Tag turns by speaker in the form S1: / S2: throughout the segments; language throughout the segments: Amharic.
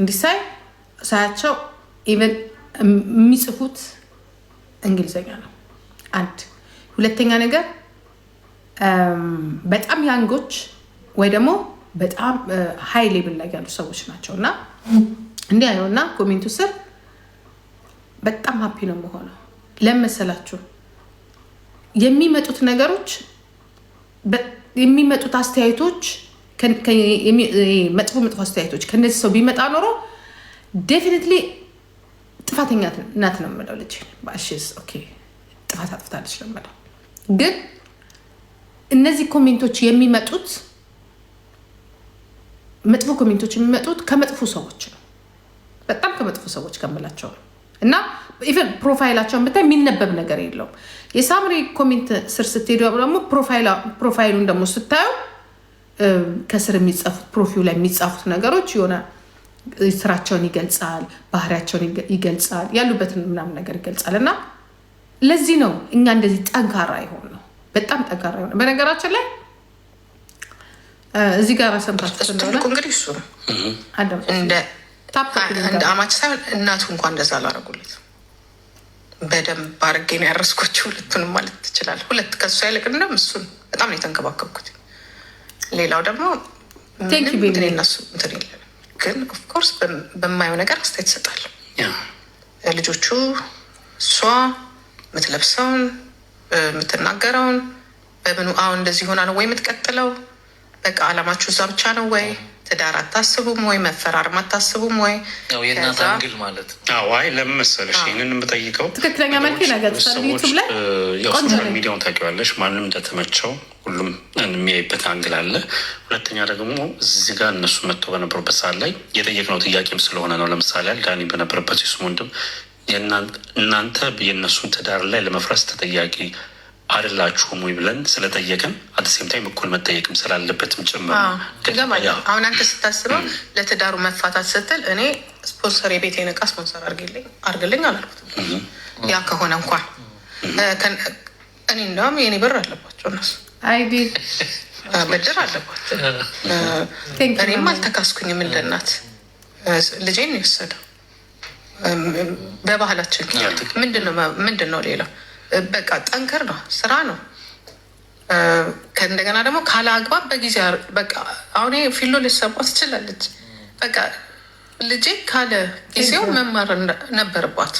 S1: እንዲሳይ ሳያቸው ኢቨን የሚጽፉት እንግሊዘኛ ነው። አንድ ሁለተኛ ነገር በጣም ያንጎች ወይ ደግሞ በጣም ሀይ ሌብል ላይ ያሉ ሰዎች ናቸው እና እንዲህ እና ኮሜንቱ ስር በጣም ሀፒ ነው መሆነው ለመሰላችሁ የሚመጡት ነገሮች የሚመጡት አስተያየቶች መጥፎ መጥፎ አስተያየቶች ከነዚህ ሰው ቢመጣ ኖሮ ዴፊኒትሊ ጥፋተኛ ናት ነው የምለው። ልጅ ጥፋት አጥፍታለች ነው የምለው። ግን እነዚህ ኮሜንቶች የሚመጡት መጥፎ ኮሜንቶች የሚመጡት ከመጥፎ ሰዎች ነው፣ በጣም ከመጥፎ ሰዎች ከምላቸው ነው። እና ኢቨን ፕሮፋይላቸውን ብታይ የሚነበብ ነገር የለውም። የሳምሪ ኮሜንት ስር ስትሄዱ ደግሞ ፕሮፋይሉን ደግሞ ስታዩ ከስር የሚጻፉት ፕሮፊው ላይ የሚጻፉት ነገሮች የሆነ ስራቸውን ይገልጻል፣ ባህሪያቸውን ይገልጻል፣ ያሉበትን ምናምን ነገር ይገልጻል። እና ለዚህ ነው እኛ እንደዚህ ጠንካራ የሆን ነው በጣም ጠንካራ የሆነ በነገራችን ላይ እዚህ ጋር ሰምታችሁ
S2: እንደሆነ እንግዲህ እሱ
S1: እንደ አማች ሳይሆን እናቱ እንኳን እንደዛ አላረጉለት።
S2: በደንብ አድርጌ ነው ያረስኮች ሁለቱንም ማለት ትችላለህ። ሁለት ከሱ ይልቅ እንደውም እሱን በጣም ነው የተንከባከብኩት። ሌላው ደግሞ እነሱ የለም፣ ግን ኦፍኮርስ በማየው ነገር አስተያየት ይሰጣለሁ። ልጆቹ እሷ የምትለብሰውን የምትናገረውን በምኑ አሁን እንደዚህ ሆና ነው ወይ የምትቀጥለው በቃ አላማችሁ እዛ ብቻ ነው ወይ ትዳር አታስቡም ወይ መፈራርም አታስቡም ወይ?
S3: የእናት አንግል ማለት
S4: አይ ለምን መሰለሽ ይህንን የምጠይቀው
S1: ትክክለኛ መልክ ነገር
S4: ሚዲያውን ታውቂዋለሽ። ማንም እንደተመቸው ሁሉም የሚያይበት አንግል አለ። ሁለተኛ ደግሞ እዚህ ጋር እነሱ መጥተው በነበሩበት ሰዓት ላይ የጠየቅነው ጥያቄም ስለሆነ ነው። ለምሳሌ ዳኒ በነበረበት የሱም ወንድም እናንተ የእነሱን ትዳር ላይ ለመፍረስ ተጠያቂ አይደላችሁም ወይ ብለን ስለጠየቅን አደሴም ታይም እኩል መጠየቅም ስላለበትም ጭምር አሁን አንተ ስታስበው ለትዳሩ መፋታት ስትል እኔ ስፖንሰር የቤት ነቃ ስፖንሰር አርግልኝ አላልኩትም። ያ ከሆነ እንኳን እኔ እንደውም የኔ ብር አለባቸው እነሱ ብድር አለባቸው። እኔም አልተካስኩኝም እንደናት ልጄን የወሰደው በባህላችን ምንድን ነው ሌላው በቃ ጠንክር ነው፣ ስራ ነው። ከእንደገና ደግሞ ካለ አግባብ በጊዜ በቃ አሁን ፊሎ ልሰማ ትችላለች። በቃ ልጄ ካለ ጊዜው መማር ነበርባት።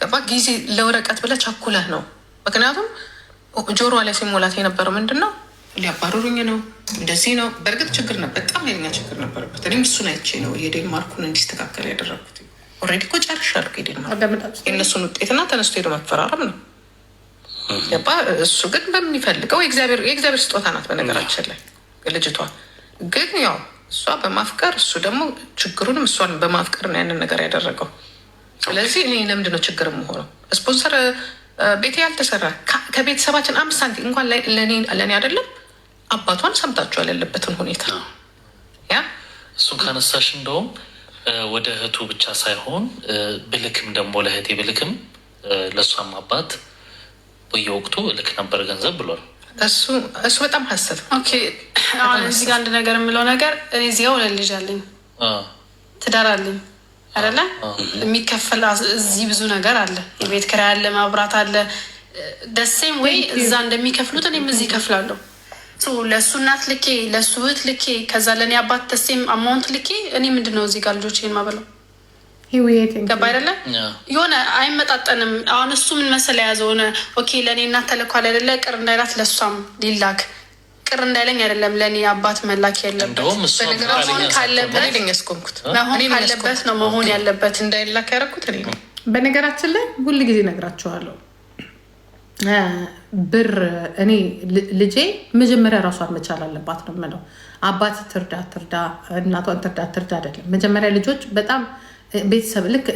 S4: ገባ ጊዜ ለወረቀት ብለ ቸኩለህ ነው። ምክንያቱም ጆሮ ላይ ሲሞላት የነበረው ምንድን ነው? ሊያባረሩኝ ነው፣ እንደዚህ ነው። በእርግጥ ችግር ነበር፣ በጣም የኛ ችግር ነበረበት። እኔም እሱን አይቼ ነው የዴንማርኩን እንዲስተካከል ያደረግኩት። ኦልሬዲ እኮ ጨርሻል። የእነሱን ውጤትና ተነስቶ ሄዶ መፈራረም ነው። እሱ ግን በሚፈልገው የእግዚአብሔር ስጦታ ናት። በነገራችን ላይ ልጅቷ ግን ያው እሷ በማፍቀር እሱ ደግሞ ችግሩንም እሷን በማፍቀር ነው ያንን ነገር ያደረገው። ስለዚህ እኔ ነው ችግር የምሆነው? ስፖንሰር ቤቴ ያልተሰራ ከቤተሰባችን አምስት ሳንቲም እንኳን ለእኔ አይደለም። አባቷን ሰምታችኋል ያለበትን ሁኔታ ያ እሱ ካነሳሽ እንደውም ወደ እህቱ ብቻ ሳይሆን ብልክም ደግሞ ለእህቴ ብልክም ለእሷም አባት በየወቅቱ እልክ ነበር ገንዘብ ብሏል። እሱ በጣም ሀሰት አሁን እዚህ ጋ አንድ ነገር የምለው ነገር እኔ እዚህ ጋር ልጅ አለኝ፣ ትዳር አለኝ አይደለ? የሚከፈል እዚህ ብዙ ነገር አለ፣ የቤት ኪራይ አለ፣ ማብራት አለ። ደሴም ወይ እዛ እንደሚከፍሉት እኔም እዚህ እከፍላለሁ። ለእሱ እናት ልኬ ለእሱ እህት ልኬ ከዛ ለእኔ አባት ተሴም አማውንት ልኬ እኔ ምንድን ነው እዚህ ጋር ልጆቼን ማበላው ገባ አይደለም የሆነ አይመጣጠንም። አሁን እሱ ምን መሰለ የያዘው ሆነ ኦኬ ለእኔ እናት ተልኳል አይደለ ቅር እንዳይላት ለእሷም ሊላክ ቅር እንዳይለኝ አይደለም ለእኔ አባት መላክ ያለበት በነገራችን ካለበት ነው መሆን ያለበት እንዳይላክ ያደረኩት በነገራችን ላይ ሁል ጊዜ ነግራችኋለሁ ብር እኔ ልጄ መጀመሪያ እራሷን መቻል አለባት ነው የምለው። አባት ትርዳ ትርዳ እናቷን ትርዳ ትርዳ አይደለም። መጀመሪያ ልጆች በጣም ቤተሰብ ልክ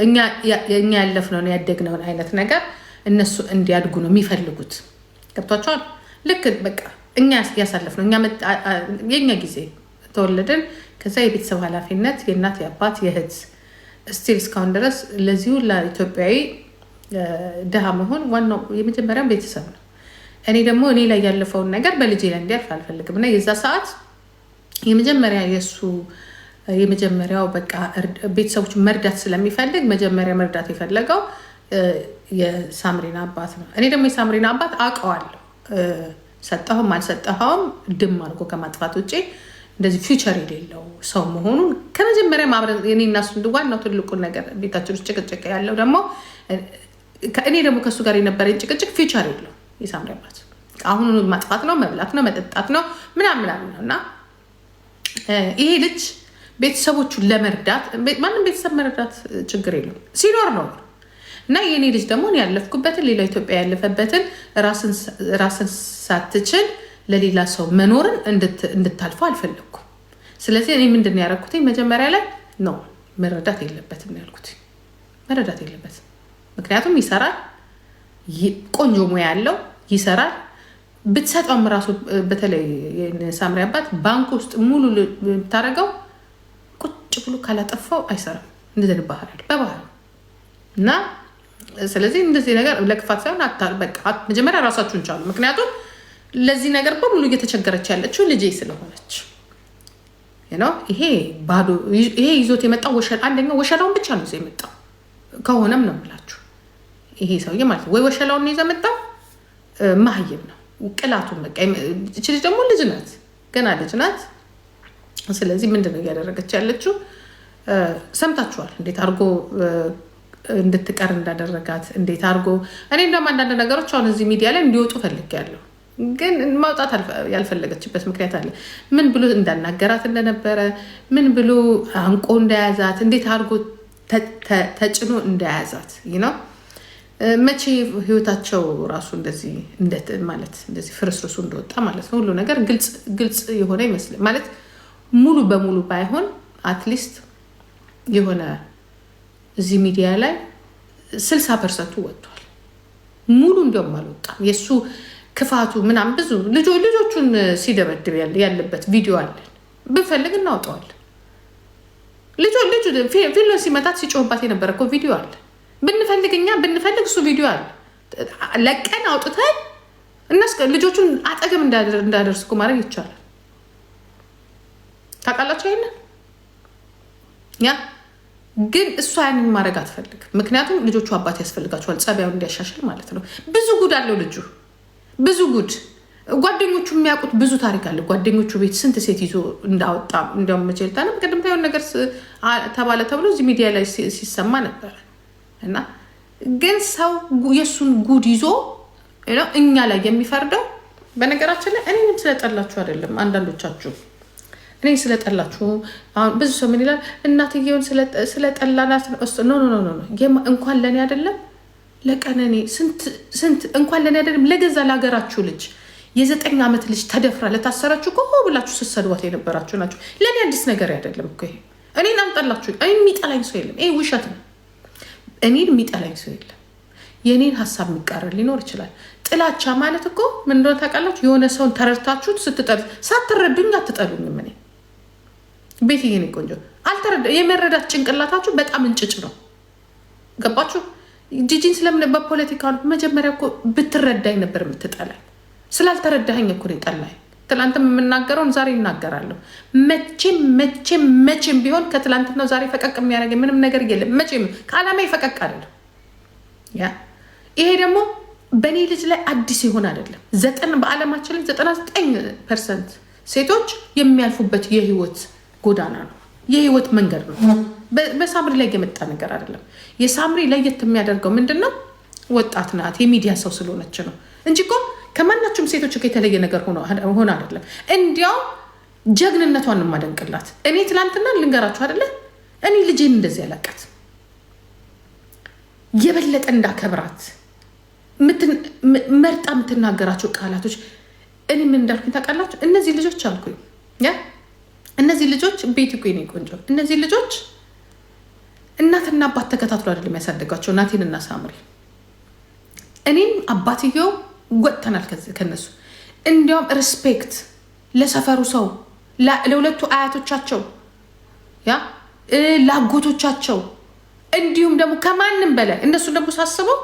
S4: እኛ ያለፍነውን ያደግነውን አይነት ነገር እነሱ እንዲያድጉ ነው የሚፈልጉት። ገብቷቸዋል። ልክ በቃ እኛ ያሳለፍነው የእኛ ጊዜ ተወለድን። ከዛ የቤተሰብ ኃላፊነት የእናት የአባት የእህት ስቲል እስካሁን ድረስ ለዚሁ ለኢትዮጵያዊ ድሃ መሆን ዋናው የመጀመሪያው ቤተሰብ ነው። እኔ ደግሞ እኔ ላይ ያለፈውን ነገር በልጄ ላይ እንዲያልፍ አልፈልግም እና የዛ ሰዓት የመጀመሪያ የእሱ የመጀመሪያው በቃ ቤተሰቦች መርዳት ስለሚፈልግ መጀመሪያ መርዳት የፈለገው የሳምሪና አባት ነው። እኔ ደግሞ የሳምሪና አባት አውቀዋለሁ። ሰጠኸውም አልሰጠኸውም ድም አድርጎ ከማጥፋት ውጭ እንደዚህ ፊውቸር የሌለው ሰው መሆኑን ከመጀመሪያ ማብረ እኔ እናሱ ዋናው ትልቁን ነገር ቤታችን ውስጥ ጭቅጭቅ ያለው ደግሞ እኔ ደግሞ ከእሱ ጋር የነበረኝ ጭቅጭቅ ፊቸር የለው የሳምሪ አባት አሁኑ ማጥፋት ነው መብላት ነው መጠጣት ነው ምናምን ምናምን ነው እና ይሄ ልጅ ቤተሰቦቹን ለመርዳት ማንም ቤተሰብ መርዳት ችግር የለም ሲኖር ነው እና የእኔ ልጅ ደግሞ ያለፍኩበትን ሌላ ኢትዮጵያ ያለፈበትን ራስን ሳትችል ለሌላ ሰው መኖርን እንድታልፈው አልፈለግኩም። ስለዚህ እኔ ምንድን ያደረኩትኝ መጀመሪያ ላይ ነው መረዳት የለበትም ያልኩት፣ መረዳት የለበትም ምክንያቱም ይሰራል፣ ቆንጆ ሙያ ያለው ይሰራል። ብትሰጠውም ራሱ በተለይ ሳምሪ አባት ባንክ ውስጥ ሙሉ ብታደረገው ቁጭ ብሎ ካላጠፋው አይሰራም። እንደዚህ ባህል በባህል እና ስለዚህ እንደዚህ ነገር ለክፋት ሳይሆን መጀመሪያ ራሳችሁን ቻሉ። ምክንያቱም ለዚህ ነገር በሙሉ እየተቸገረች ያለችው ልጄ ስለሆነች ነው። ይሄ ባዶ ይሄ ይዞት የመጣው አንደኛው ወሸላውን ብቻ ነው ይዞ የመጣው ከሆነም ነው የምላችሁ ይሄ ሰውዬ ማለት ነው ወይ ወሸላውን ይዘ መጣው ማህይም ነው ቅላቱን በቃ እች ልጅ ደግሞ ልጅ ናት፣ ገና ልጅ ናት። ስለዚህ ምንድነው እያደረገች ያለችው? ሰምታችኋል። እንዴት አድርጎ እንድትቀር እንዳደረጋት እንዴት አድርጎ እኔ እንደውም አንዳንድ ነገሮች አሁን እዚህ ሚዲያ ላይ እንዲወጡ ፈልጌያለሁ፣ ግን ማውጣት ያልፈለገችበት ምክንያት አለ። ምን ብሎ እንዳናገራት እንደነበረ፣ ምን ብሎ አንቆ እንደያዛት፣ እንዴት አድርጎ ተጭኖ እንደያዛት ነው መቼ ህይወታቸው ራሱ እንደዚህ ማለት እንደዚህ ፍርስርሱ እንደወጣ ማለት ነው። ሁሉ ነገር ግልጽ የሆነ ይመስላል ማለት ሙሉ በሙሉ ባይሆን አትሊስት የሆነ እዚህ ሚዲያ ላይ ስልሳ ፐርሰንቱ ወጥቷል። ሙሉ እንዲያውም አልወጣም። የእሱ ክፋቱ ምናምን ብዙ ልጆቹን ሲደበድብ ያለበት ቪዲዮ አለን፣ ብንፈልግ ልጆ ልጁ ፊሎን ሲመታት ሲጮህባት የነበረ እኮ ቪዲዮ አለን። ብንፈልግ እኛ ብንፈልግ እሱ ቪዲዮ አለ ለቀን አውጥተን እነስ ልጆቹን አጠገም እንዳደርስ እኮ ማድረግ ይቻላል። ታውቃላችሁ ይሄንን ያ ግን እሷ ያንን ማድረግ አትፈልግ ምክንያቱም ልጆቹ አባት ያስፈልጋቸዋል፣ ጸባዩን እንዲያሻሽል ማለት ነው። ብዙ ጉድ አለው ልጁ፣ ብዙ ጉድ። ጓደኞቹ የሚያውቁት ብዙ ታሪክ አለ። ጓደኞቹ ቤት ስንት ሴት ይዞ እንዳወጣ እንዲያውም መቼ ልታለም ነገር ተባለ ተብሎ እዚህ ሚዲያ ላይ ሲሰማ ነበረ። እና ግን ሰው የእሱን ጉድ ይዞ እኛ ላይ የሚፈርደው በነገራችን ላይ እኔንም ስለጠላችሁ አይደለም። አንዳንዶቻችሁ እኔ ስለጠላችሁ አሁን ብዙ ሰው ምን ይላል? እናትየውን ስለጠላናት እንኳን ለእኔ አይደለም ለቀነኔ ስንት እንኳን ለእኔ አይደለም ለገዛ ለሀገራችሁ ልጅ የዘጠኝ ዓመት ልጅ ተደፍራ ለታሰራችሁ እኮ ብላችሁ ስትሰድቧት የነበራችሁ ናቸው። ለእኔ አዲስ ነገር አይደለም እኮ ይሄ። እኔን አምጠላችሁ የሚጠላኝ ሰው የለም። ይሄ ውሸት ነው። እኔን የሚጠላኝ ሰው የለም። የእኔን ሀሳብ የሚቃረን ሊኖር ይችላል። ጥላቻ ማለት እኮ ምን እንደሆነ ታውቃላችሁ? የሆነ ሰውን ተረድታችሁት ስትጠሉ፣ ሳትረዱኝ አትጠሉኝም። እኔ ይሄን ቆንጆ አልተረዳ የመረዳት ጭንቅላታችሁ በጣም እንጭጭ ነው። ገባችሁ? ጂጂን ስለምን በፖለቲካ መጀመሪያ እኮ ብትረዳኝ ነበር የምትጠላኝ። ስላልተረዳኸኝ እኮ ጠላኝ። ትላንትም የምናገረውን ዛሬ ይናገራለሁ። መቼም መቼም መቼም ቢሆን ከትላንትናው ዛሬ ፈቀቅ የሚያደርግ ምንም ነገር የለም። መቼም ከዓላማ ይፈቀቅ አይደለም። ያ ይሄ ደግሞ በእኔ ልጅ ላይ አዲስ ይሆን አይደለም። ዘጠን በዓለማችን ላይ ዘጠና ዘጠኝ ፐርሰንት ሴቶች የሚያልፉበት የህይወት ጎዳና ነው፣ የህይወት መንገድ ነው። በሳምሪ ላይ የመጣ ነገር አይደለም። የሳምሪ ለየት የሚያደርገው ምንድን ነው? ወጣት ናት፣ የሚዲያ ሰው ስለሆነች ነው እንጂ እኮ ከማናቸውም ሴቶች የተለየ ነገር ሆነ አይደለም። እንዲያው ጀግንነቷን ማደንቅላት። እኔ ትላንትና ልንገራችሁ አይደለ እኔ ልጄን እንደዚህ ያለቀት የበለጠ እንዳከብራት መርጣ የምትናገራቸው ቃላቶች እኔ ምን እንዳልኩኝ ታውቃላችሁ? እነዚህ ልጆች አልኩኝ፣ እነዚህ ልጆች ቤት ቆኔ ቆንጆ፣ እነዚህ ልጆች እናትና አባት ተከታትሎ አይደለም ያሳደጓቸው ናቴንና ሳምሪ እኔም አባትየው ወጥተናል ከነሱ። እንዲያውም ሪስፔክት ለሰፈሩ ሰው፣ ለሁለቱ አያቶቻቸው፣ ያ ላጎቶቻቸው እንዲሁም ደግሞ ከማንም በላይ እነሱ ደግሞ ሳስበው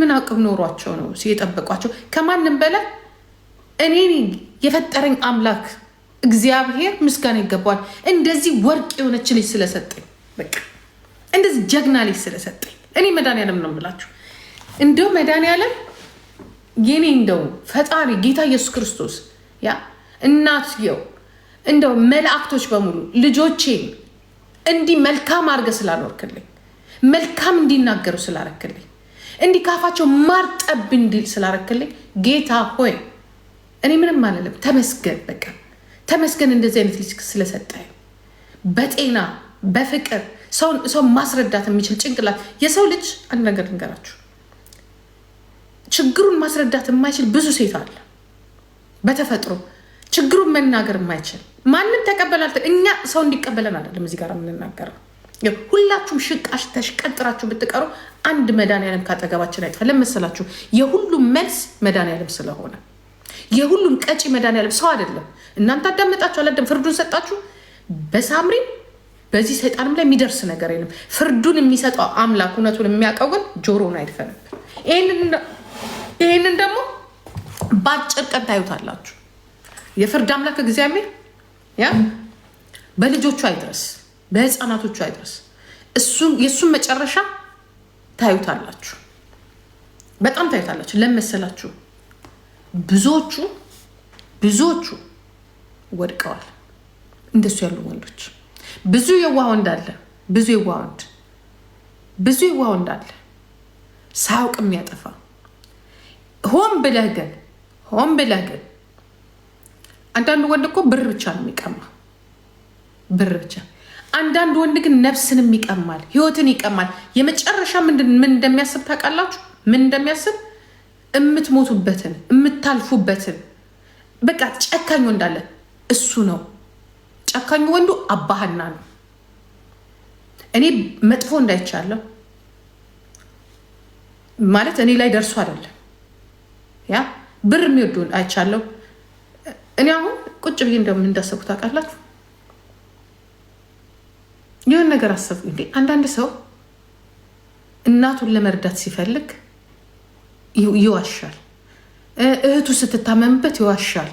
S4: ምን አቅም ኖሯቸው ነው የጠበቋቸው? ከማንም በላይ እኔ የፈጠረኝ አምላክ እግዚአብሔር ምስጋና ይገባዋል። እንደዚህ ወርቅ የሆነች ልጅ ስለሰጠኝ፣ በቃ እንደዚህ ጀግና ልጅ ስለሰጠኝ እኔ መድኃኒዓለም ነው የምላችሁ እንደው መድኃኒዓለም የኔ እንደው ፈጣሪ ጌታ ኢየሱስ ክርስቶስ ያ እናትየው እንደው መላእክቶች በሙሉ ልጆቼ እንዲህ መልካም አድርገህ ስላልወርክልኝ መልካም እንዲናገሩ ስላረክልኝ እንዲህ ካፋቸው ማር ጠብ እንዲል ስላረክልኝ ጌታ ሆይ እኔ ምንም አለለም። ተመስገን፣ በቃ ተመስገን። እንደዚህ አይነት ልጅ ስለሰጠ በጤና በፍቅር ሰውን ማስረዳት የሚችል ጭንቅላት የሰው ልጅ አንድ ነገር ልንገራችሁ ችግሩን ማስረዳት የማይችል ብዙ ሴት አለ። በተፈጥሮ ችግሩን መናገር የማይችል ማንም ተቀበላል። እኛ ሰው እንዲቀበለን አይደለም እዚህ ጋር የምንናገረው። ሁላችሁም ሽቃሽ ተሽቀጥራችሁ ብትቀሩ አንድ መድኃኒዓለም ካጠገባችን አይጥፋ። ለመሰላችሁ የሁሉም መልስ መድኃኒዓለም ስለሆነ የሁሉም ቀጪ መድኃኒዓለም ሰው አይደለም። እናንተ አዳመጣችሁ አላደም ፍርዱን ሰጣችሁ። በሳምሪ በዚህ ሰይጣንም ላይ የሚደርስ ነገር የለም። ፍርዱን የሚሰጠው አምላክ እውነቱን የሚያውቀው ግን ጆሮውን አይድፈንብን። ይህንን ይህንን ደግሞ በአጭር ቀን ታዩታላችሁ። የፍርድ አምላክ እግዚአብሔር ያ በልጆቹ አይድረስ፣ በህፃናቶቹ አይድረስ። የእሱን መጨረሻ ታዩታላችሁ፣ በጣም ታዩታላችሁ። ለመሰላችሁ ብዙዎቹ ብዙዎቹ ወድቀዋል። እንደሱ ያሉ ወንዶች ብዙ የዋህ ወንድ አለ፣ ብዙ የዋህ ወንድ ብዙ የዋህ ወንድ አለ ሳያውቅ የሚያጠፋ ሆን ብለህ ግን ሆን ብለህ ግን አንዳንድ ወንድ እኮ ብር ብቻ ነው የሚቀማ፣ ብር ብቻ። አንዳንድ ወንድ ግን ነፍስንም ይቀማል፣ ህይወትን ይቀማል። የመጨረሻ ምን እንደሚያስብ ታውቃላችሁ? ምን እንደሚያስብ የምትሞቱበትን የምታልፉበትን በቃ ጨካኝ ወንድ አለ። እሱ ነው ጨካኝ ወንዱ። አባህና ነው። እኔ መጥፎ እንዳይቻለሁ ማለት እኔ ላይ ደርሶ አይደለም ያ ብር የሚወዱ አይቻለሁ። እኔ አሁን ቁጭ ብዬ እንደምን እንዳሰብኩ ታውቃላችሁ? ይህን ነገር አሰብኩ እንዴ አንዳንድ ሰው እናቱን ለመርዳት ሲፈልግ ይዋሻል። እህቱ ስትታመምበት ይዋሻል።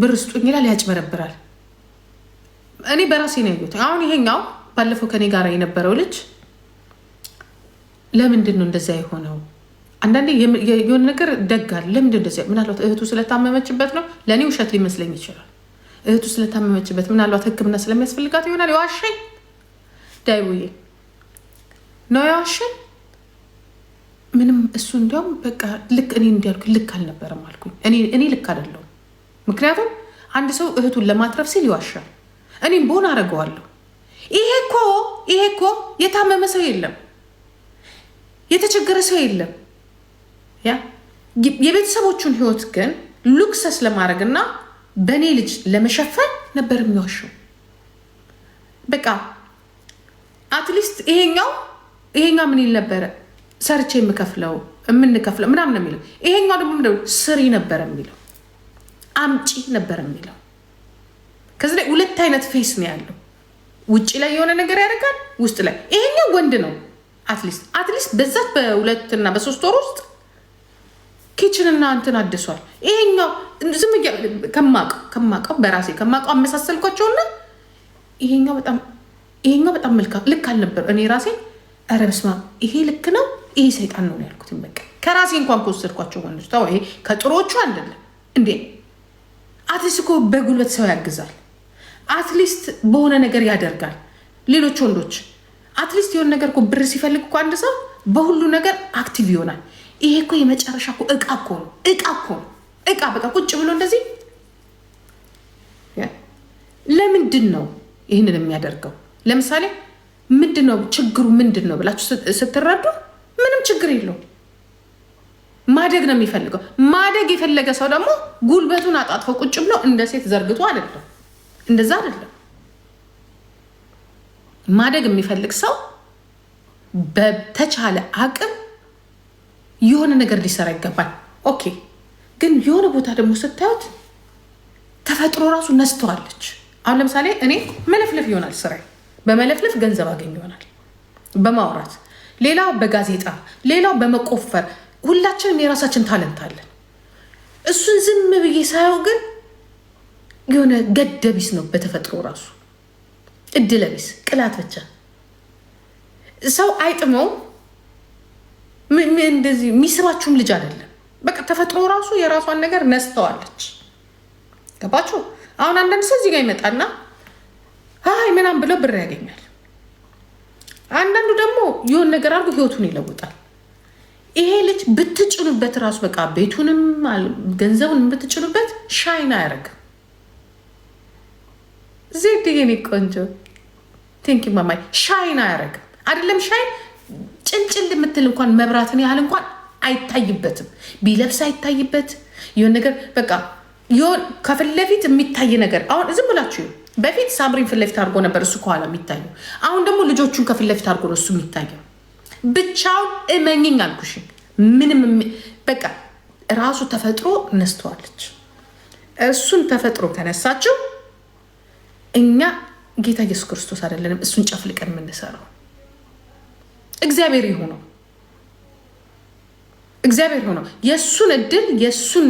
S4: ብር ስጡኝ ይላል፣ ያጭበረብራል። እኔ በራሴ ነው ያየሁት። አሁን ይሄኛው ባለፈው ከኔ ጋር የነበረው ልጅ ለምንድን ነው እንደዚያ የሆነው? አንዳንዴ የሆነ ነገር ደጋል ለምንድ እንደዚያ ምናልባት እህቱ ስለታመመችበት ነው። ለእኔ ውሸት ሊመስለኝ ይችላል። እህቱ ስለታመመችበት ምናልባት ህክምና ስለሚያስፈልጋት ይሆናል የዋሸኝ። ዳይቡዬ ነው የዋሸኝ። ምንም እሱ እንዲያውም በቃ ልክ እኔ እንዲያልኩ ልክ አልነበረም አልኩኝ። እኔ ልክ አይደለሁም። ምክንያቱም አንድ ሰው እህቱን ለማትረፍ ሲል ይዋሻል። እኔም በሆን አደርገዋለሁ። ይሄ እኮ ይሄ እኮ የታመመ ሰው የለም፣ የተቸገረ ሰው የለም የቤተሰቦቹን ህይወት ግን ሉክሰስ ለማድረግ እና በእኔ ልጅ ለመሸፈን ነበር የሚዋሸው። በቃ አትሊስት ይሄኛው ይሄኛው ምን ይል ነበረ ሰርቼ የምከፍለው የምንከፍለው ምናምን ነው የሚለው። ይሄኛው ደግሞ ምንድን ነው ስሪ ነበር የሚለው፣ አምጪ ነበር የሚለው። ከዚህ ላይ ሁለት አይነት ፌስ ነው ያለው። ውጭ ላይ የሆነ ነገር ያደርጋል፣ ውስጥ ላይ ይሄኛው ወንድ ነው። አትሊስት አትሊስት በዛት በሁለትና በሶስት ወር ውስጥ ኪችንና እንትን አድሷል። ይሄኛው ዝም ከማቀው ከማቀው በራሴ ከማቀው አመሳሰልኳቸውና ይሄኛው በጣም መልካ ልክ አልነበር። እኔ ራሴ ኧረ በስመ አብ ይሄ ልክ ነው፣ ይሄ ሰይጣን ነው ያልኩት። በቃ ከራሴ እንኳን ከወሰድኳቸው ወንዶች ታ ይሄ ከጥሮዎቹ አይደለም እንዴ። አትሊስት እኮ በጉልበት ሰው ያግዛል። አትሊስት በሆነ ነገር ያደርጋል። ሌሎች ወንዶች አትሊስት የሆነ ነገር ብር ሲፈልግ እኮ አንድ ሰው በሁሉ ነገር አክቲቭ ይሆናል። ይሄ እኮ የመጨረሻ እኮ እቃ እኮ ነው። እቃ እኮ ነው። እቃ በቃ ቁጭ ብሎ እንደዚህ ለምንድን ነው ይህንን የሚያደርገው? ለምሳሌ ምንድን ነው ችግሩ ምንድን ነው ብላችሁ ስትረዱ ምንም ችግር የለው። ማደግ ነው የሚፈልገው። ማደግ የፈለገ ሰው ደግሞ ጉልበቱን አጣጥፎ ቁጭ ብሎ እንደ ሴት ዘርግቶ አይደለም፣ እንደዛ አይደለም። ማደግ የሚፈልግ ሰው በተቻለ አቅም የሆነ ነገር ሊሰራ ይገባል። ኦኬ። ግን የሆነ ቦታ ደግሞ ስታዩት ተፈጥሮ ራሱ ነስተዋለች። አሁን ለምሳሌ እኔ መለፍለፍ ይሆናል ስራዬ፣ በመለፍለፍ ገንዘብ አገኝ ይሆናል በማውራት ሌላው በጋዜጣ ሌላው በመቆፈር ሁላችንም የራሳችን ታለንት አለን። እሱን ዝም ብዬ ሳየው ግን የሆነ ገደቢስ ነው በተፈጥሮ ራሱ እድለቢስ ቅላት ብቻ ሰው አይጥመው እንደዚህ የሚስባችሁም ልጅ አይደለም። በቃ ተፈጥሮ ራሱ የራሷን ነገር ነስተዋለች። ገባችሁ? አሁን አንዳንድ ሰው እዚህ ጋር ይመጣና አይ ምናምን ብለው ብር ያገኛል። አንዳንዱ ደግሞ የሆን ነገር አድርጎ ህይወቱን ይለውጣል። ይሄ ልጅ ብትጭኑበት ራሱ በቃ ቤቱንም ገንዘቡን ብትጭኑበት ሻይን አያደርግም። ዜድ እኔ ቆንጆ ቴንኪው ማማይ ሻይን አያደርግም። አይደለም ሻይን ጭንጭል የምትል እንኳን መብራትን ያህል እንኳን አይታይበትም። ቢለብስ አይታይበት ይሆን ነገር በቃ ይሆን ከፊት ለፊት የሚታይ ነገር። አሁን ዝም ብላችሁ በፊት ሳምሪን ፊት ለፊት አድርጎ ነበር እሱ ከኋላ የሚታየው። አሁን ደግሞ ልጆቹን ከፊት ለፊት አድርጎ ነው እሱ የሚታየው። ብቻውን እመኝኝ አልኩሽ። ምንም በቃ ራሱ ተፈጥሮ ነስተዋለች። እሱን ተፈጥሮ ከነሳችው እኛ ጌታ ኢየሱስ ክርስቶስ አይደለንም እሱን ጨፍልቀን የምንሰራው እግዚአብሔር ይሆነው እግዚአብሔር ሆኖ የእሱን እድል የእሱን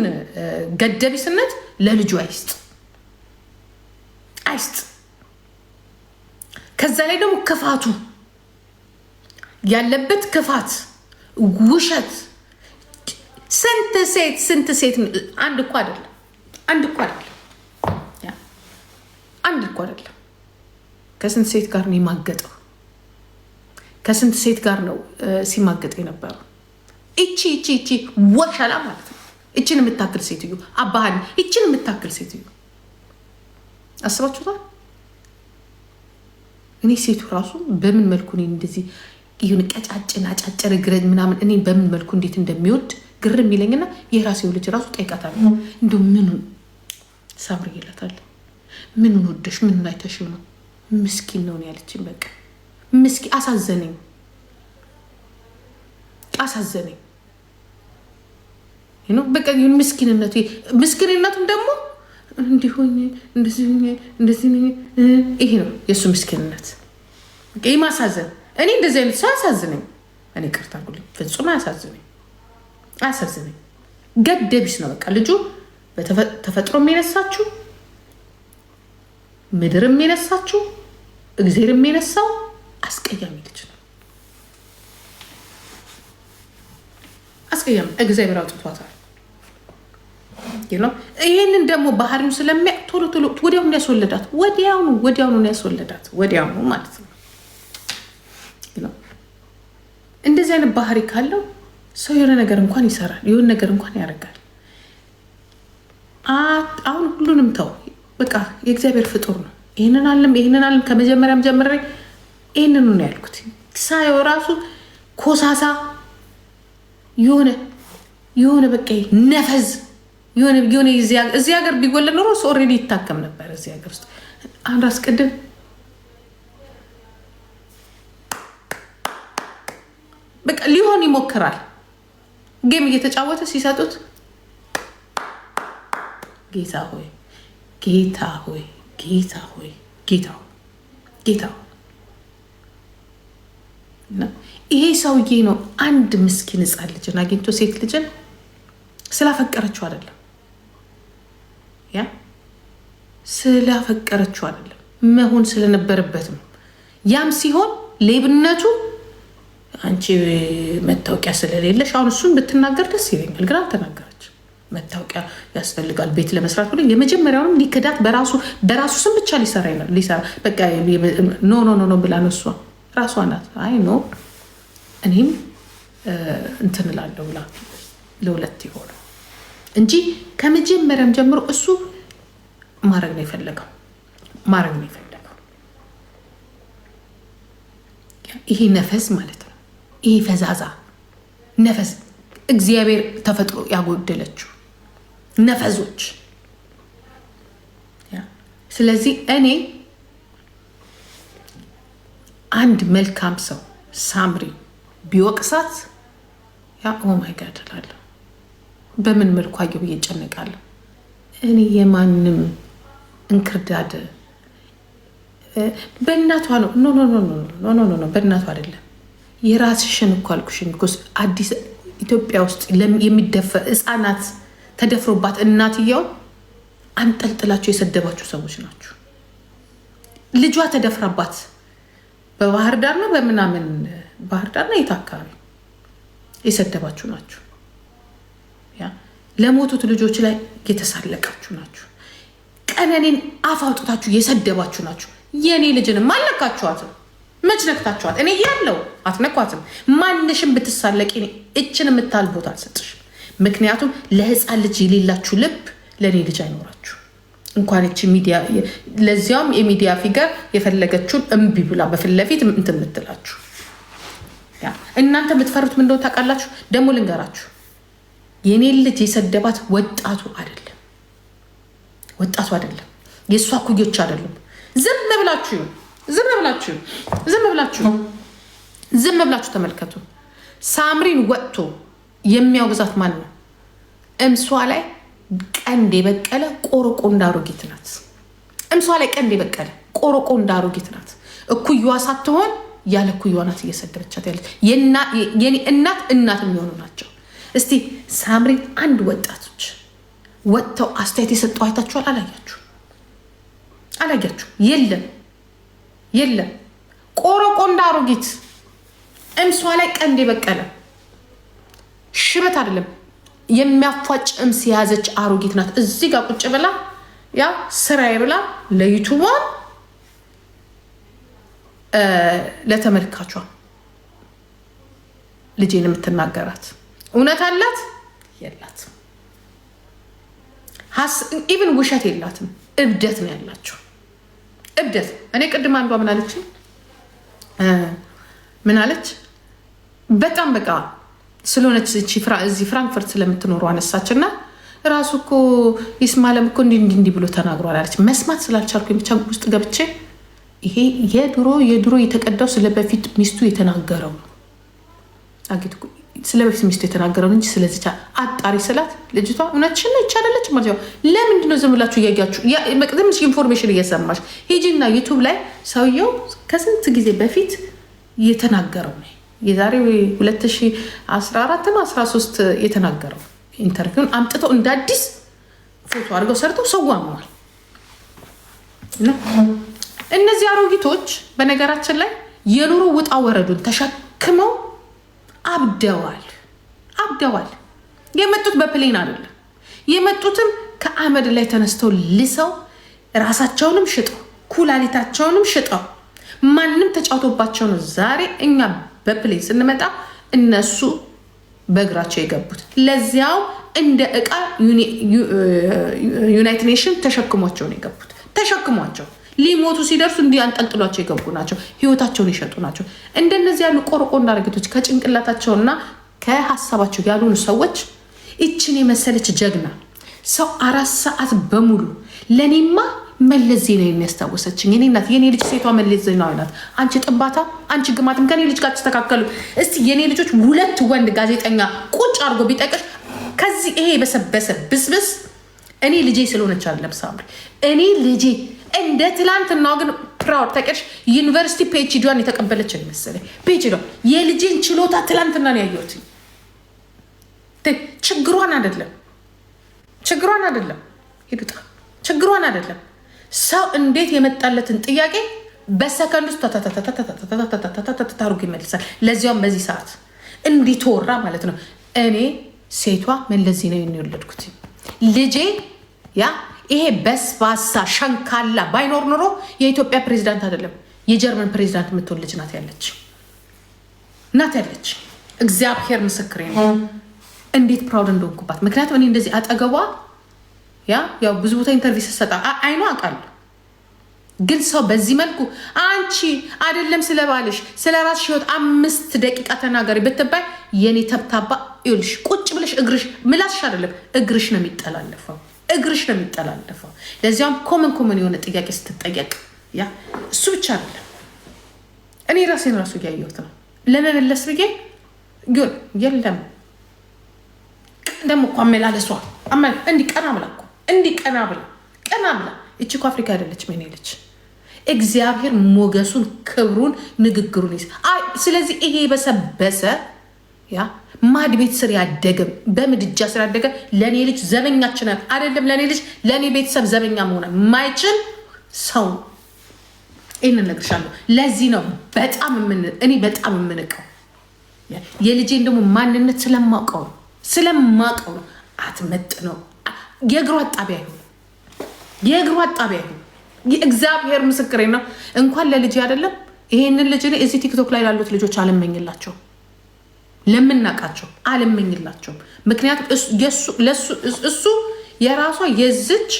S4: ገደቢስነት ለልጁ አይስጥ አይስጥ። ከዛ ላይ ደግሞ ክፋቱ ያለበት ክፋት፣ ውሸት፣ ስንት ሴት ስንት ሴት አንድ እኮ አይደለም፣ አንድ እኮ አይደለም፣ አንድ እኮ አይደለም። ከስንት ሴት ጋር ነው የማገጠው ከስንት ሴት ጋር ነው ሲማገጥ የነበረው? እቺ እቺ እቺ ወሸላ ማለት ነው። እችን የምታክል ሴትዮ አባህል እችን የምታክል ሴትዮ አስባችሁታል? እኔ ሴቱ ራሱ በምን መልኩ እንደዚህ ይሁን ቀጫጭን አጫጭር እግረ ምናምን እኔ በምን መልኩ እንዴት እንደሚወድ ግር የሚለኝና የራሴው ልጅ ራሱ ጠይቃታለሁ። እንዲሁ ምኑ ሳብር ይላታል። ምኑን ወደሽ ምኑን አይተሽ ነው ምስኪን ነውን ያለችን በቃ ምስኪ አሳዘነኝ፣ አሳዘነኝ። በቃ ምስኪንነቱ ምስኪንነቱም ደግሞ እንዲሆኝ እንደዚህ እንደዚህ ይሄ ነው የእሱ ምስኪንነት፣ ይህ ማሳዘን። እኔ እንደዚህ አይነት ሰው አያሳዝነኝ። እኔ ቅርታ ጉ ፍጹም አያሳዝነኝ፣ አያሳዝነኝ። ገደቢስ ነው በቃ ልጁ ተፈጥሮ የሚነሳችሁ ምድር የሚነሳችሁ እግዜር የሚነሳው አስቀያሚ ልጅ ነው። አስቀያሚ እግዚአብሔር አውጥቷታል። ይህንን ደግሞ ባህሪውን ስለሚያ ቶሎ ቶሎ ወዲያውኑ ያስወለዳት ወዲያውኑ ወዲያውኑ ያስወለዳት ወዲያውኑ ማለት ነው። እንደዚህ አይነት ባህሪ ካለው ሰው የሆነ ነገር እንኳን ይሰራል፣ የሆነ ነገር እንኳን ያደርጋል። አሁን ሁሉንም ተው፣ በቃ የእግዚአብሔር ፍጡር ነው። ይህንን አለም ይህንን አለም ከመጀመሪያም ጀምሬ ይህንኑ ነው ያልኩት። ሳየው ራሱ ኮሳሳ የሆነ የሆነ በቃ ነፈዝ የሆነ የሆነ እዚህ ሀገር ቢጎለ ኖሮ ኦልሬዲ ይታከም ነበር። እዚህ ሀገር ውስጥ አንድ አስቀድም በቃ ሊሆን ይሞክራል። ጌም እየተጫወተ ሲሰጡት ጌታ ሆይ ጌታ ሆይ ጌታ ሆይ ጌታ ጌታ ይሄ ሰውዬ ነው አንድ ምስኪን ህፃን ልጅን አግኝቶ ሴት ልጅን ስላፈቀረችው አይደለም ያ ስላፈቀረችው አይደለም መሆን ስለነበረበት ነው። ያም ሲሆን ሌብነቱ አንቺ መታወቂያ ስለሌለሽ አሁን እሱን ብትናገር ደስ ይለኛል፣ ግን አልተናገረች። መታወቂያ ያስፈልጋል ቤት ለመስራት ብሎ የመጀመሪያውንም ሊክዳት በራሱ በራሱ ስም ብቻ ሊሰራ ይላል ሊሰራ በቃ ኖ ኖ ኖ ብላ ነው እሷ ራሷ ናት። አይ ኖ እኔም እንትን እላለሁ ብላ ለሁለት የሆነ እንጂ ከመጀመሪያም ጀምሮ እሱ ማድረግ ነው የፈለገው ማድረግ ነው የፈለገው ይሄ ነፈስ ማለት ነው። ይሄ ፈዛዛ ነፈስ እግዚአብሔር ተፈጥሮ ያጎደለችው ነፈዞች። ስለዚህ እኔ አንድ መልካም ሰው ሳምሪ ቢወቅሳት ያ ኦማይ ጋድ እላለሁ። በምን መልኩ አየሁ ብዬ እጨነቃለሁ። እኔ የማንም እንክርዳድ በእናቷ ነው። ኖ ኖ ኖ በእናቷ አይደለም። የራስሽን እኮ አልኩሽን። አዲስ ኢትዮጵያ ውስጥ የሚደፈር ህፃናት ተደፍሮባት እናትየው አንጠልጥላችሁ የሰደባችሁ ሰዎች ናችሁ። ልጇ ተደፍራባት በባህር ዳር ነው በምናምን ባህር ዳር ነው የት አካባቢ የሰደባችሁ ናችሁ። ለሞቱት ልጆች ላይ የተሳለቃችሁ ናችሁ። ቀነኔን አፍ አውጥታችሁ የሰደባችሁ ናችሁ። የእኔ ልጅንም አልነካችኋትም። መች ነክታችኋት? እኔ ያለው አትነኳትም። ማንሽም ብትሳለቂ እችን የምታል ቦታ አልሰጥሽም። ምክንያቱም ለህፃን ልጅ የሌላችሁ ልብ ለእኔ ልጅ አይኖራችሁ እንኳንች ሚዲያ ለዚያውም የሚዲያ ፊገር የፈለገችውን እምቢ ብላ በፊት ለፊት እንትን የምትላችሁ እናንተ የምትፈሩት ምን እንደሆነ ታውቃላችሁ። ደግሞ ልንገራችሁ፣ የኔ ልጅ የሰደባት ወጣቱ አይደለም፣ ወጣቱ አይደለም፣ የእሷ ኩዮች አይደሉም። ዝም ብላችሁ ዝም ብላችሁ ዝም ብላችሁ ዝም ብላችሁ ተመልከቱ። ሳምሪን ወጥቶ የሚያወግዛት ማን ነው? እምሷ ላይ ቀንድ የበቀለ ቆርቆ አሮጊት ናት። እምሷ ላይ ቀንድ የበቀለ ቆርቆ አሮጊት ናት። እኩያዋ ሳትሆን ያለ እኩያዋ ናት እየሰደበቻት ያለች። የኔ እናት እናት የሚሆኑ ናቸው። እስቲ ሳምሪ አንድ ወጣቶች ወጥተው አስተያየት የሰጠው አይታችኋል? አላያችሁ አላያችሁ? የለም የለም። ቆረቆ እንደ አሮጊት እምሷ ላይ ቀንድ የበቀለ ሽበት አይደለም። የሚያፏጭ ሲያዘች የያዘች አሮጊት ናት። እዚህ ጋር ቁጭ ብላ ያ ስራዬ ብላ ለዩቱቧ ለተመልካቿ ልጄን የምትናገራት እውነት አላት የላት ኢቭን ውሸት የላትም። እብደት ነው ያላቸው እብደት። እኔ ቅድም አንዷ ምናለች ምናለች በጣም በቃ ስለሆነች እዚህ ፍራንክፈርት ስለምትኖሩ አነሳች እና ራሱ እኮ ይስማለም እኮ እንዲህ እንዲህ ብሎ ተናግሯል አለች። መስማት ስላልቻልኩ ብቻ ውስጥ ገብቼ ይሄ የድሮ የድሮ የተቀዳው ስለበፊት ሚስቱ የተናገረው ነው። ስለበፊት ሚስቱ የተናገረው እንጂ ስለዚቻ አጣሪ ስላት ልጅቷ እውነትሽን ነው ይቻላለች ማለት ነው። ለምንድነው ዝም ብላችሁ እያያችሁ ትንሽ ኢንፎርሜሽን እየሰማች ሂጂና ዩቱብ ላይ ሰውየው ከስንት ጊዜ በፊት የተናገረው ነው የዛሬ 2014 ነው 13 የተናገረው ኢንተርቪውን አምጥተው እንደ አዲስ ፎቶ አድርገው ሰርተው ሰው አምኗል። እነዚህ አሮጊቶች በነገራችን ላይ የኑሮ ውጣ ወረዱን ተሸክመው አብደዋል አብደዋል። የመጡት በፕሌን አይደለም። የመጡትም ከአመድ ላይ ተነስተው ልሰው ራሳቸውንም ሽጠው ኩላሊታቸውንም ሽጠው ማንም ተጫውቶባቸው ነው ዛሬ እኛ በፕሌን ስንመጣ እነሱ በእግራቸው የገቡት ለዚያው እንደ እቃ ዩናይትድ ኔሽን ተሸክሟቸው ነው የገቡት። ተሸክሟቸው ሊሞቱ ሲደርሱ እንዲህ አንጠልጥሏቸው የገቡ ናቸው። ህይወታቸውን የሸጡ ናቸው። እንደነዚህ ያሉ ቆርቆና ረገቶች ከጭንቅላታቸውና ከሀሳባቸው ያልሆኑ ሰዎች ይችን የመሰለች ጀግና ሰው አራት ሰዓት በሙሉ ለእኔማ መለስ ዜናዊ የሚያስታወሰችኝ የኔ እናት የኔ ልጅ ሴቷ መለስ ዜናዊ ናት። አንቺ ጥባታ፣ አንቺ ግማትም ከኔ ልጅ ጋር ተስተካከሉ። እስቲ የኔ ልጆች ሁለት ወንድ ጋዜጠኛ ቁጭ አድርጎ ቢጠቅሽ ከዚህ ይሄ የበሰበሰ ብስብስ እኔ ልጄ ስለሆነች አይደለም ሳምሪ፣ እኔ ልጄ እንደ ትላንትና ግን ፕራውድ ተቀሽ ዩኒቨርሲቲ ፒኤችዲዋን የተቀበለች መሰለኝ። ፒኤችዲ የልጄን ችሎታ ትላንትና ነው ያየሁት። ችግሯን አይደለም ችግሯን አይደለም ሄዱጣ ችግሯን አይደለም ሰው እንዴት የመጣለትን ጥያቄ በሰከንድ ውስጥ አድርጎ ይመልሳል። ለዚያውም በዚህ ሰዓት እንዲትወራ ማለት ነው። እኔ ሴቷ መለዚህ ነው የወለድኩት ልጄ ያ ይሄ በስባሳ ሸንካላ ባይኖር ኖሮ የኢትዮጵያ ፕሬዚዳንት አይደለም የጀርመን ፕሬዚዳንት የምትሆን ናት ያለች ናት ያለች። እግዚአብሔር ምስክሬ ነው፣ እንዴት ፕራውድ እንደሆንኩባት። ምክንያቱም እኔ እንደዚህ አጠገቧ ያ ያው ብዙ ቦታ ኢንተርቪው ስሰጣ አይኑ አውቃለሁ። ግን ሰው በዚህ መልኩ አንቺ አይደለም ስለ ባልሽ ስለ ራስሽ ህይወት አምስት ደቂቃ ተናገሪ ብትባይ የኔ ተብታባ ይልሽ ቁጭ ብለሽ እግርሽ ምላስሽ አይደለም እግርሽ ነው የሚጠላለፈው፣ እግርሽ ነው የሚጠላለፈው። ለዚያም ኮመን ኮመን የሆነ ጥያቄ ስትጠየቅ ያ እሱ ብቻ አይደለም እኔ ራሴን ራሱ እያየሁት ነው ለመመለስ ብዬ ግን የለም ደግሞ እኮ አመላለሷ እንዲህ ቀና ብላ እንዲህ ቀና ብላ ቀና ብላ እቺ እኮ አፍሪካ አይደለች ምን ልች እግዚአብሔር ሞገሱን ክብሩን ንግግሩን ይስ ስለዚህ ይሄ የበሰበሰ ያ ማድ ቤት ስር ያደገም በምድጃ ስር ያደገ ለእኔ ልጅ ዘበኛችን አይደለም ለእኔ ልጅ ለእኔ ቤተሰብ ዘበኛ መሆን ማይችል ሰው ይህን እነግርሻለሁ። ለዚህ ነው በጣም እኔ በጣም የምንቀው የልጄን ደግሞ ማንነት ስለማውቀው ነው ስለማውቀው ነው አትመጥ ነው የእግሯ አጣቢያ ይሁን፣ የእግሯ አጣቢያ ይሁን። እግዚአብሔር ምስክሬ ነው። እንኳን ለልጅ አይደለም ይሄንን ልጅ እዚህ ቲክቶክ ላይ ላሉት ልጆች አልመኝላቸው፣ ለምናቃቸው አልመኝላቸውም። ምክንያቱም እሱ የራሷ የዝች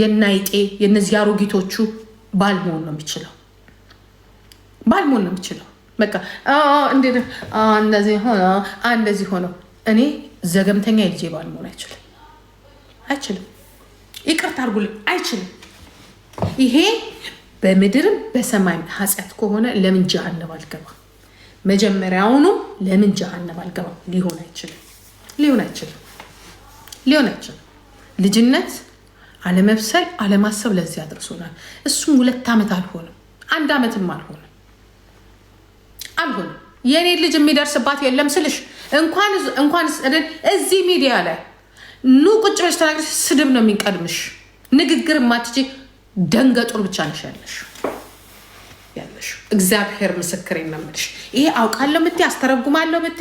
S4: የናይጤ የነዚህ አሮጊቶቹ ነው የሚችለው፣ ነው የሚችለው። በቃ እንደዚህ ሆነ እንደዚህ እኔ ዘገምተኛ የልጄ ባልመሆን አይችልም። አይችልም። ይቅርታ አድርጉልኝ፣ አይችልም። ይሄ በምድርም በሰማይም ኃጢአት ከሆነ ለምን ጀሃነም አልገባ? መጀመሪያውኑ ለምን ጀሃነም አልገባ? ሊሆን አይችልም፣ ሊሆን አይችልም፣ ሊሆን አይችልም። ልጅነት፣ አለመብሰል፣ አለማሰብ ለዚህ አድርሶናል። እሱም ሁለት ዓመት አልሆንም፣ አንድ ዓመትም አልሆንም፣ አልሆንም። የእኔ ልጅ የሚደርስባት የለም ስልሽ እንኳን እንኳን እዚህ ሚዲያ ላይ ኑ ቁጭ ብለሽ ተናግረሽ ስድብ ነው የሚቀድምሽ። ንግግር ማትች ደንገጡር ብቻ ነሽ ያለሽ ያለሽ። እግዚአብሔር ምስክር ነው ይሄ አውቃለሁ ምት አስተረጉማለሁ ምት